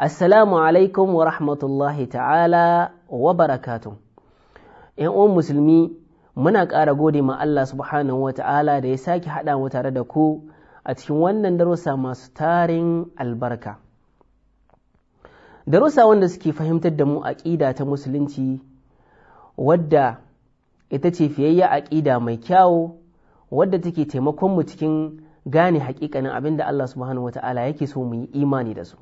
Assalamu alaikum wa rahmatullahi ta'ala wa barakatun. ‘Yan musulmi, muna ƙara gode ma Allah subhanahu wa ta'ala da ya sake haɗa mu tare da ku a cikin wannan darussa masu tarin albarka. Darussa wanda suke fahimtar da mu aƙida ta musulunci, wadda ita ce fiyayya aƙida mai kyawo, wadda take taimakon mu cikin gane haƙiƙanin abin da Allah subhanahu wa ta'ala yake so mu yi imani da su.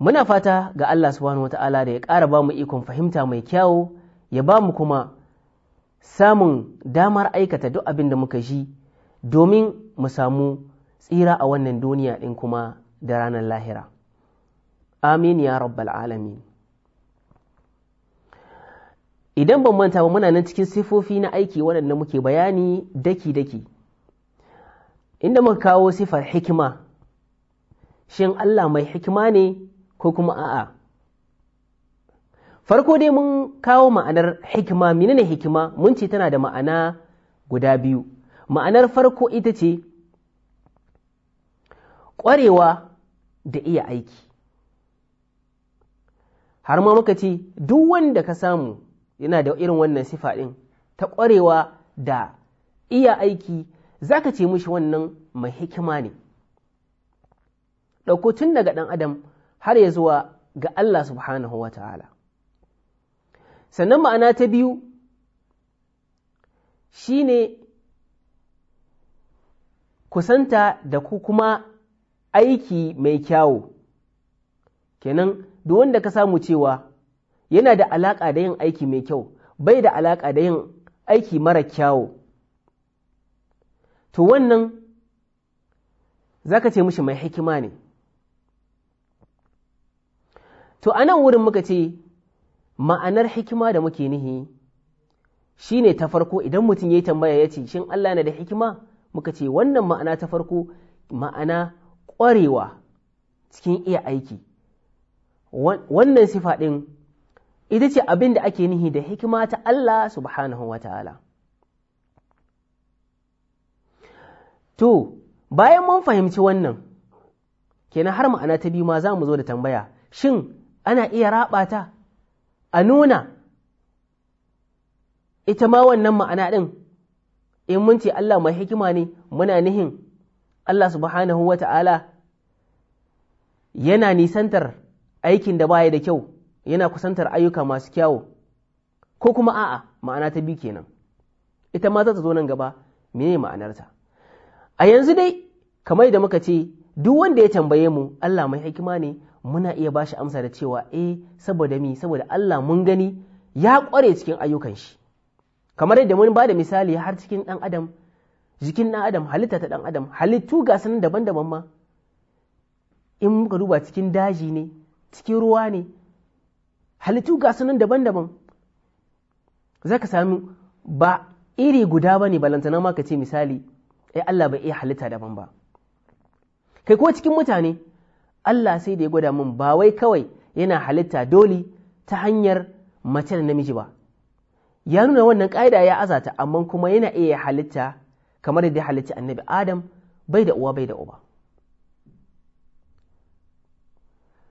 muna fata ga Allah subhanahu ta’ala da ya ƙara ba mu ikon fahimta mai kyawu ya ba mu kuma samun damar aikata duk abin da muka ji domin mu samu tsira a wannan duniya ɗin kuma da ranar lahira amin ya rabbal alamin idan ban manta ba muna nan cikin sifofi na aiki waɗanda muke bayani daki-daki inda muka kawo sifar hikima shin Allah mai hikima ne ko kuma a'a farko dai mun kawo ma'anar hikima menene hikima mun ce tana da ma'ana guda biyu ma'anar farko ita ce ƙwarewa da iya aiki har ma muka ce duk wanda ka samu yana da irin wannan sifa ɗin ta ƙwarewa da iya aiki zaka ce mushi wannan mai hikima ne ɗauko tun daga ɗan adam har ya zuwa ga Allah subhanahu wa ta'ala. Sannan ma'ana ta biyu shi ne kusanta da ku kuma aiki mai kyawu, kenan duk wanda ka samu cewa yana da alaƙa da yin aiki mai kyau, bai da alaƙa da yin aiki mara kyawu. To wannan za ka ce mishi mai hikima ne. to a nan wurin muka ce ma'anar hikima da muke nihi shi ne ta farko idan mutum ya yi tambaya ya ce shin Allah na da hikima muka ce wannan ma'ana ta farko ma'ana ƙwarewa cikin iya aiki wannan sifa ɗin ita ce abin da ake nihi da hikima ta Allah subhanahu wa ta'ala to bayan mun fahimci wannan kenan har ma'ana ta biyu ma za mu zo da tambaya shin ana iya raɓa ta a nuna ita ma wannan ma'ana ɗin in mun ce Allah mai hikima ne muna nihin Allah subhanahu wa ta'ala yana nisantar aikin da baya da kyau yana kusantar ayyuka masu kyawu ko kuma a'a ma'ana ta biyu kenan ita ma za ta zo nan gaba mene ma'anarta a yanzu dai kamar da muka ce duk wanda ya tambaye mu Allah mai hikima ne muna iya ba shi amsa da cewa e saboda mi saboda Allah mun gani ya ƙware cikin ayyukan shi kamar yadda mun bada misali har cikin ɗan adam jikin ɗan adam halitta ta ɗan adam halittu ga sanin daban-daban ma in muka duba cikin daji ne cikin ruwa ne halittu ga sanin daban-daban za ka sami ba iri guda ba ne balantana ma ka ce misali ai eh, Allah bai iya halitta daban ba kai ko cikin mutane Allah sai da ya gwada min ba wai kawai yana halitta dole ta hanyar mace da namiji ba ya nuna wannan ƙa'ida ya azata amma kuma yana iya halitta kamar da ya halitta annabi Adam bai da uwa bai da uba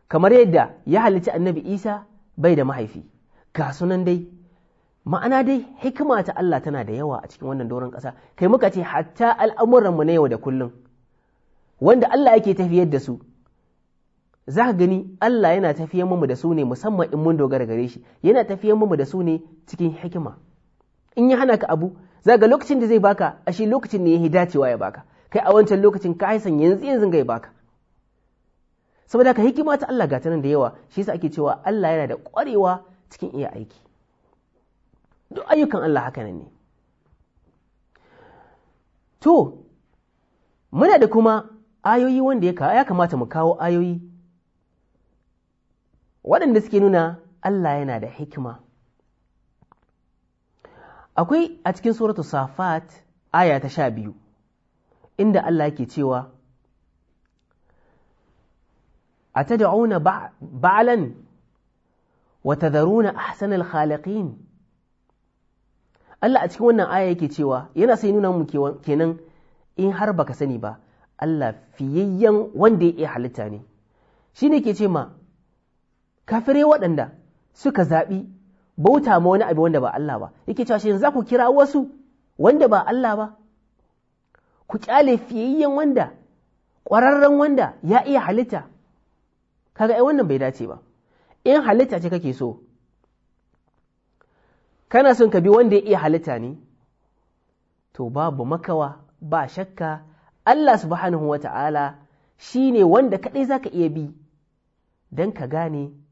kamar yadda ya halitta annabi Isa bai da mahaifi ga sunan dai ma'ana dai hikima ta Allah tana da yawa a cikin wannan doron ƙasa kai muka ce hatta al'amuranmu na yau da kullum wanda Allah yake tafiyar da su za ka gani Allah yana tafiyan mu da su ne musamman in mun dogara gare shi yana tafiyan mu da su ne cikin hikima in ya hana ka abu za ga lokacin da zai baka a shi lokacin ne ya yi dacewa ya baka kai a wancan lokacin ka haisan yanzu yanzu ga ya baka saboda ka hikima ta Allah ga nan da yawa shi yasa ake cewa Allah yana da ƙwarewa cikin iya aiki duk ayyukan Allah haka nan ne to muna da kuma ayoyi wanda ya kamata mu kawo ayoyi waɗanda suke nuna Allah yana da hikima akwai a cikin suratu safat aya ta sha biyu inda Allah yake cewa a ta da'una ba'alan wa tadharuna ahsanal khaliqin Allah a cikin wannan aya yake cewa yana sai nuna mu kenan in har baka sani ba Allah fiyayyen wanda ya iya halitta ne shi ne ke ce ma kafirai waɗanda suka zaɓi bauta ma wani abu wanda ba Allah ba yake cewa shi za ku kira wasu wanda ba Allah ba ku kyale fiyayyen wanda ƙwararren wanda ya iya halitta kaga ai wannan bai dace ba in halitta ce kake so kana son ka bi wanda ya iya halitta ne to babu makawa ba shakka Allah subhanahu wa ta'ala shi ne wanda kaɗai za ka iya bi don ka gane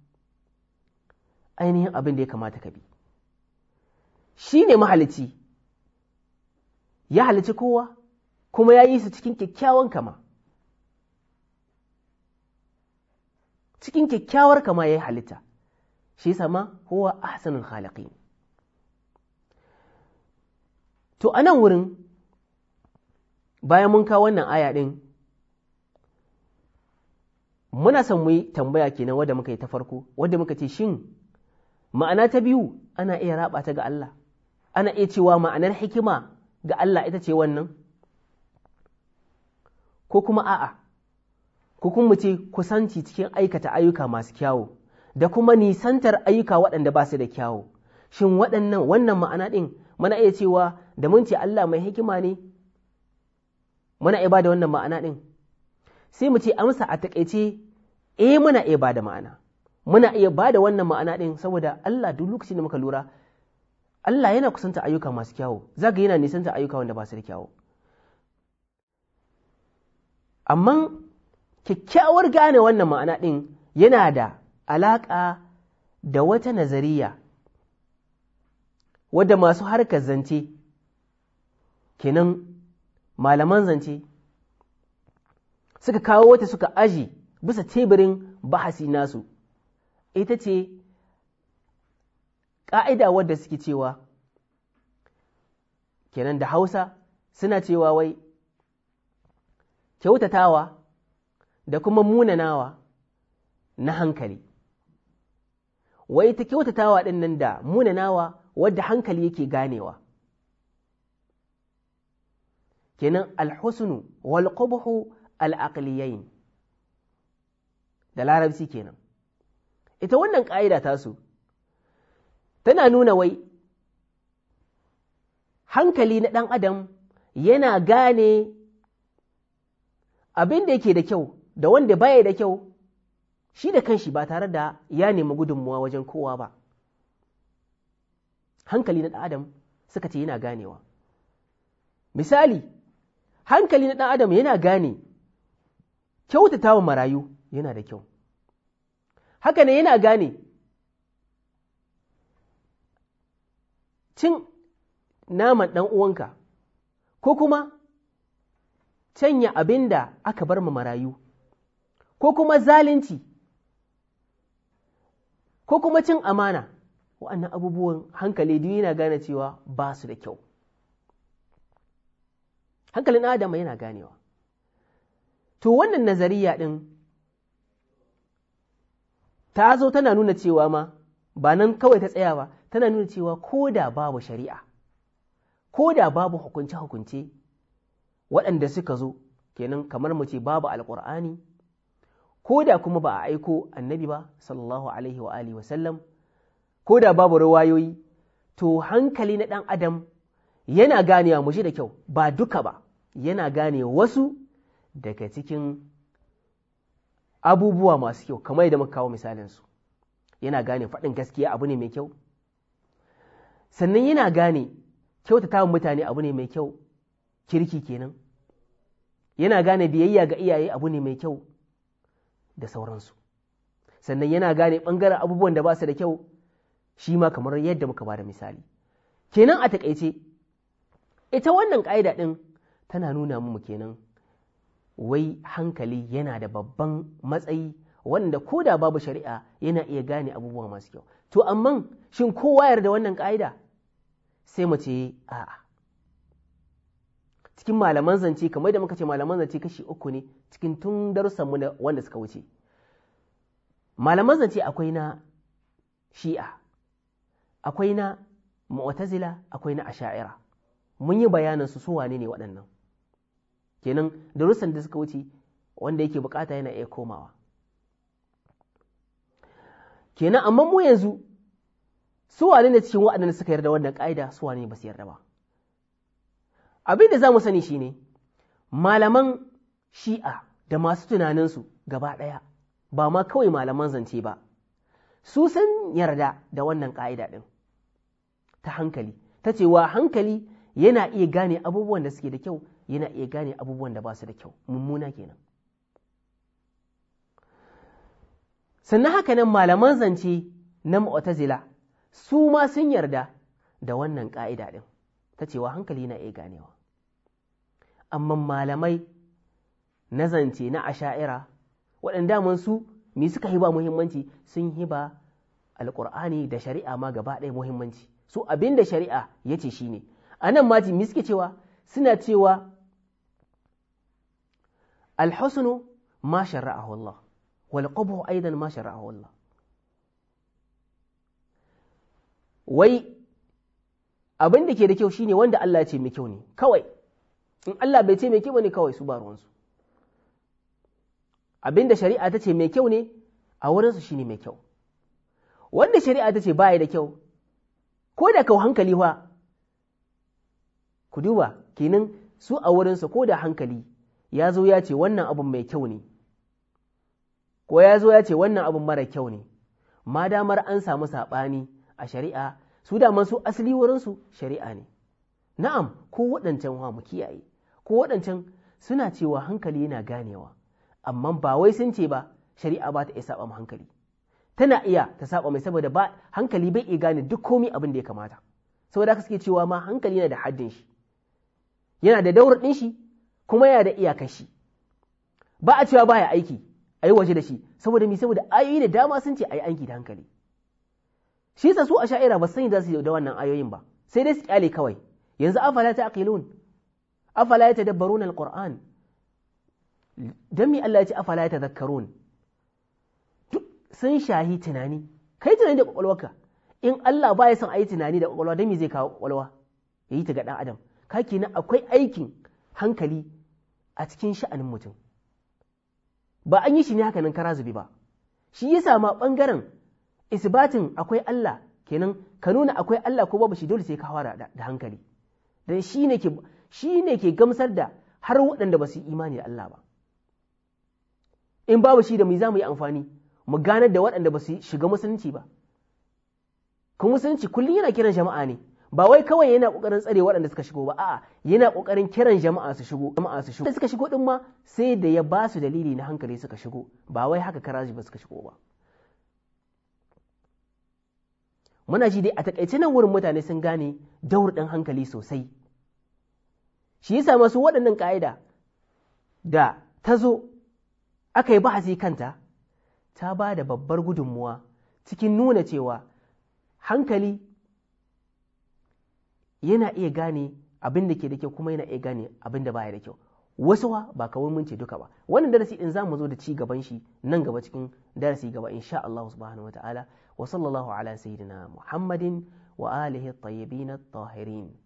ainihin abin da ya kamata ka bi shi ne mahalici ya halici kowa kuma ya yi su cikin kyakkyawan kama cikin kyakkyawar kama ya yi halitta shi sama kowa ahsanul khaliqin to a nan wurin bayan mun kawo wannan aya ɗin muna son mu yi tambaya kenan wadda muka yi ta farko wadda muka ce shin ma'ana ta biyu ana iya raba ta ga Allah ana iya cewa ma'anar hikima ga Allah ita ce wannan ko kuma a'a ko kuma mu ce kusanci cikin aikata ayyuka masu kyawu da kuma nisantar ayyuka waɗanda ba su da kyawu shin waɗannan wannan ma'ana ɗin mana iya cewa da mun ce Allah mai hikima ne muna iya ba da wannan ma'ana ɗin sai mu ce amsa a taƙaice eh muna iya ba da ma'ana muna iya ba da wannan ma'ana ɗin saboda Allah duk lokacin da muka lura Allah yana kusanta ayyuka masu kyawu zaga yana nisanta ayyuka wanda ba su da kyawu amma kyakkyawar gane wannan ma'ana ɗin yana da alaƙa da wata nazariya wadda masu harkar zance kenan malaman zance suka kawo wata suka aji bisa teburin bahasi nasu ita ce ƙa'ida wadda suke cewa kenan da hausa suna cewa wai kyautatawa da kuma munanawa na hankali wai ta kyautatawa ɗin nan da munanawa wadda hankali yake ganewa kenan alhusnu wal qubhu al da larabci kenan ita wannan ƙa'ida tasu tana nuna wai hankali na ɗan adam yana gane abin da yake da kyau da wanda baya da kyau shi da kanshi ba tare da ya nemi gudunmuwa wajen kowa ba hankali na ɗan adam suka ce yana ganewa misali hankali na ɗan adam yana gane kyautatawa marayu yana da kyau haka ne yana gane cin naman ɗan uwanka ko kuma canya abin da aka bar ma marayu ko kuma zalunci ko kuma cin amana wa'annan abubuwan hankali duk yana gane cewa ba su da kyau hankalin adama yana ganewa to wannan nazariya ɗin ta zo tana nuna cewa ma ba nan kawai ta tsaya ba tana nuna cewa ko da babu shari'a ko da babu hukunce-hukunce waɗanda suka zo kenan kamar mu babu alƙur'ani ko da kuma ba a aiko annabi ba sallallahu alaihi wa alihi wasallam ko da babu rawayoyi to hankali na ɗan adam yana ganewa mu shi da kyau ba duka ba yana gane wasu daga cikin abubuwa masu kyau kamar yadda muka kawo misalinsu yana gane faɗin gaskiya abu ne mai kyau sannan yana gane kyautata mutane abu ne mai kyau kirki kenan yana gane biyayya ga iyaye abu ne mai kyau da sauransu sannan yana gane ɓangaren abubuwan da ba su da kyau shi ma kamar yadda muka ba da misali kenan a taƙaice ita wannan ƙa'ida ɗin tana nuna mu kenan wai hankali yana da babban matsayi wanda ko da babu shari'a yana iya gane abubuwa masu kyau to amma shin kowa yarda wannan ka'ida sai mu ce a'a cikin malaman zance kamar da muka ce malaman zance kashi uku ne cikin tun darussan mu wanda suka wuce malaman zance akwai na shi'a akwai na mu'tazila akwai na asha'ira mun yi bayanan su su wane ne waɗannan kenan darussan da suka wuce wanda yake bukata yana iya komawa kenan amma mu yanzu su wane ne cikin waɗanda suka yarda wannan ƙa'ida su wane ba su yarda ba abin da za mu sani shine malaman shi'a da masu tunaninsu gaba ɗaya ba ma kawai malaman zance ba su san yarda da wannan ƙa'ida ɗin ta hankali ta cewa hankali yana iya gane abubuwan da suke da kyau yana iya gane abubuwan da ba su da kyau mummuna kenan sannan haka nan malaman zance na mu'tazila su ma sun yarda da wannan ƙa'ida ɗin ta cewa hankali na iya ganewa amma malamai na zance na asha'ira waɗanda mun su me suka hiba muhimmanci sun hiba alƙur'ani da shari'a ma gaba ɗaya muhimmanci su abin da shari'a ya ce shi ne a nan ma suke cewa suna cewa الحسن ما شرعه a والقبح أيضا ما شرعه الله wai abin da ke da kyau shine wanda Allah ce mai kyau ne kawai in Allah bai ce mai kyau ne kawai su ba ruwansu abin da shari'a ta ce mai kyau ne a wurinsu shine mai kyau wanda shari'a ta ce baya da kyau ko da kau hankali wa ku duba kenan su a wurinsu ko da hankali ya zo ya ce wannan abin mai kyau ne ko ya zo ya ce wannan abin mara kyau ne ma damar an samu saɓani a shari'a su daman su asali wurinsu shari'a ne na'am ko waɗancan wa mu kiyaye ko waɗancan suna cewa hankali yana ganewa amma ba wai sun ce ba shari'a ba ta iya saɓa mu hankali tana iya ta saba mai saboda ba hankali bai iya gane duk komi abin da ya kamata saboda haka suke cewa ma hankali yana da haddin shi yana da daurar ɗin shi kuma yana da iyakashi ba a cewa baya aiki a yi waje da shi saboda mi saboda ayoyi da dama sun ce a yi aiki da hankali shi sa su a sha'ira ba sani za su da wannan ayoyin ba sai dai su kyale kawai yanzu afala ta aqilun afala ta dabbarun alquran dan mi Allah ya ce afala ta zakkarun duk sun shahi tunani kai tunani da kwakwalwarka in Allah ba ya son a yi tunani da kwakwalwa dan mi zai kawo kwakwalwa yayi ta ga dan adam kake akwai aikin hankali a cikin sha'anin mutum ba an yi shi ne haka nan kara zubi ba shi yasa ma ɓangaren isbatin akwai Allah kenan ka nuna akwai Allah ko babu shi dole sai ka hawara da hankali don shi ne ke gamsar da har waɗanda ba su yi imani da Allah ba in babu shi da mu za mu yi amfani mu ganar da waɗanda ba su shiga musulunci ba kuma musulunci kullum yana kiran jama'a ne ba wai kawai yana kokarin tsare waɗanda suka shigo ba a'a yana kokarin kiran jama'a su shigo jama'a su shigo suka shigo din ma sai da ya ba su dalili na hankali suka shigo ba wai haka karaji ba suka shigo ba muna ji dai a takaice nan wurin mutane sun gane daur ɗin hankali sosai shi yasa masu waɗannan ka'ida. da ta zo aka yi bahasi kanta ta ba da babbar gudunmuwa cikin nuna cewa hankali yana iya gane abin da ke da kyau kuma yana iya gane abin da baya da kyau wasu wa ba kawai mun ce duka ba wannan darasi in zamu zo da ci gaban shi nan gaba cikin darasi gaba insha Allah subhanahu wataala wa sallallahu ala sayyidina Muhammadin wa alihi at-tayyibin at-tahirin